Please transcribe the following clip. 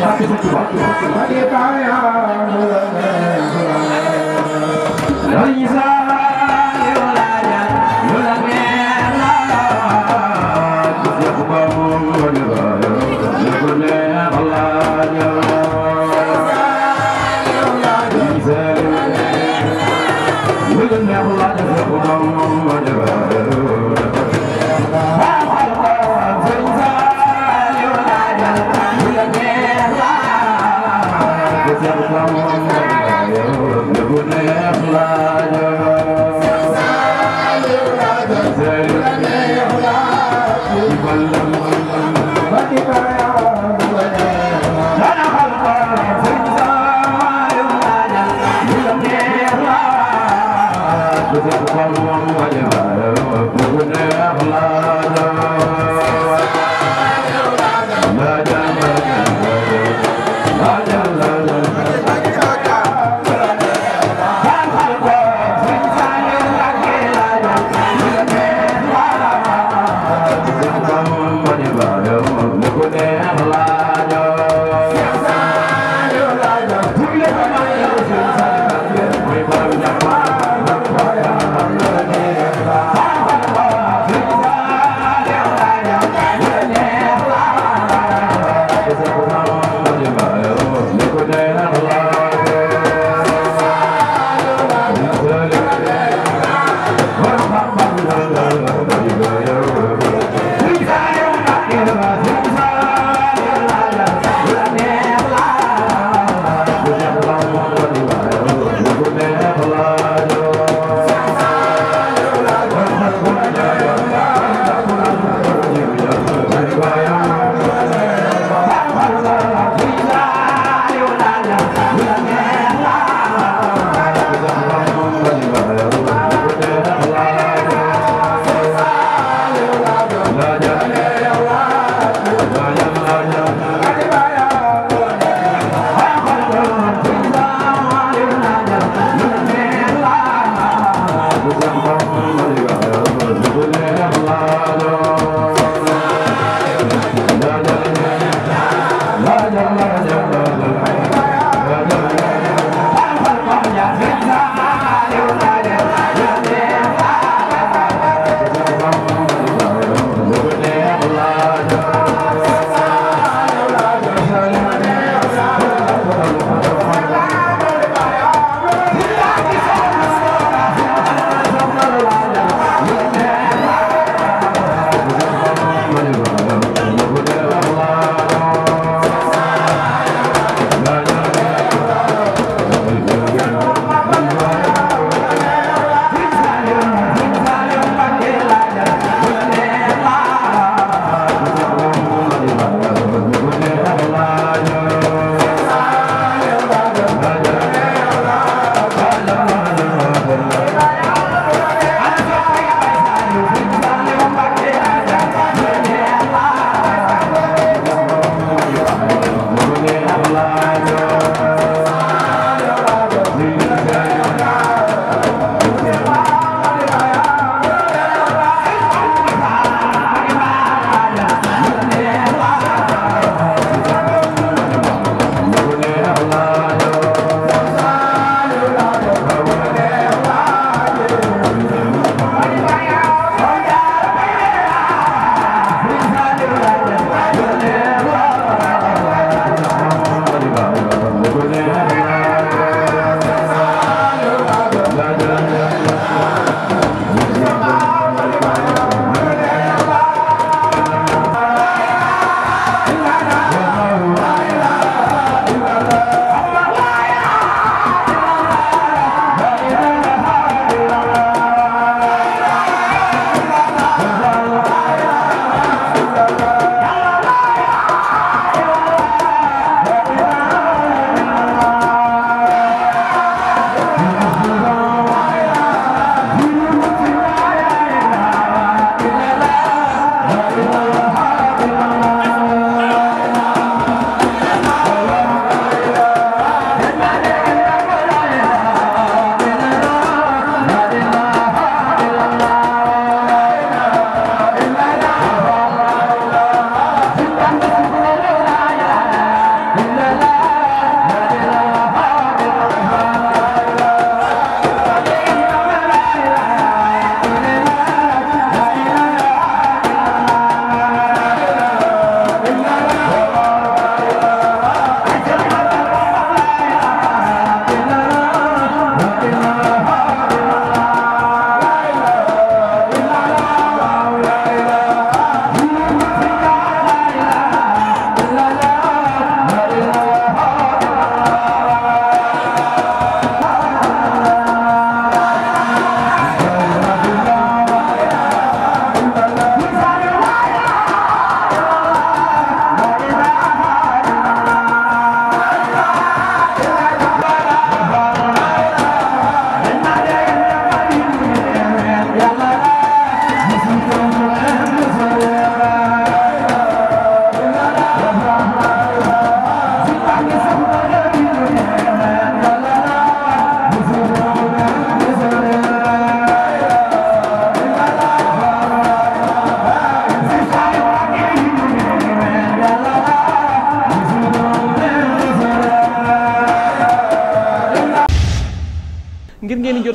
Tuubaa وسلم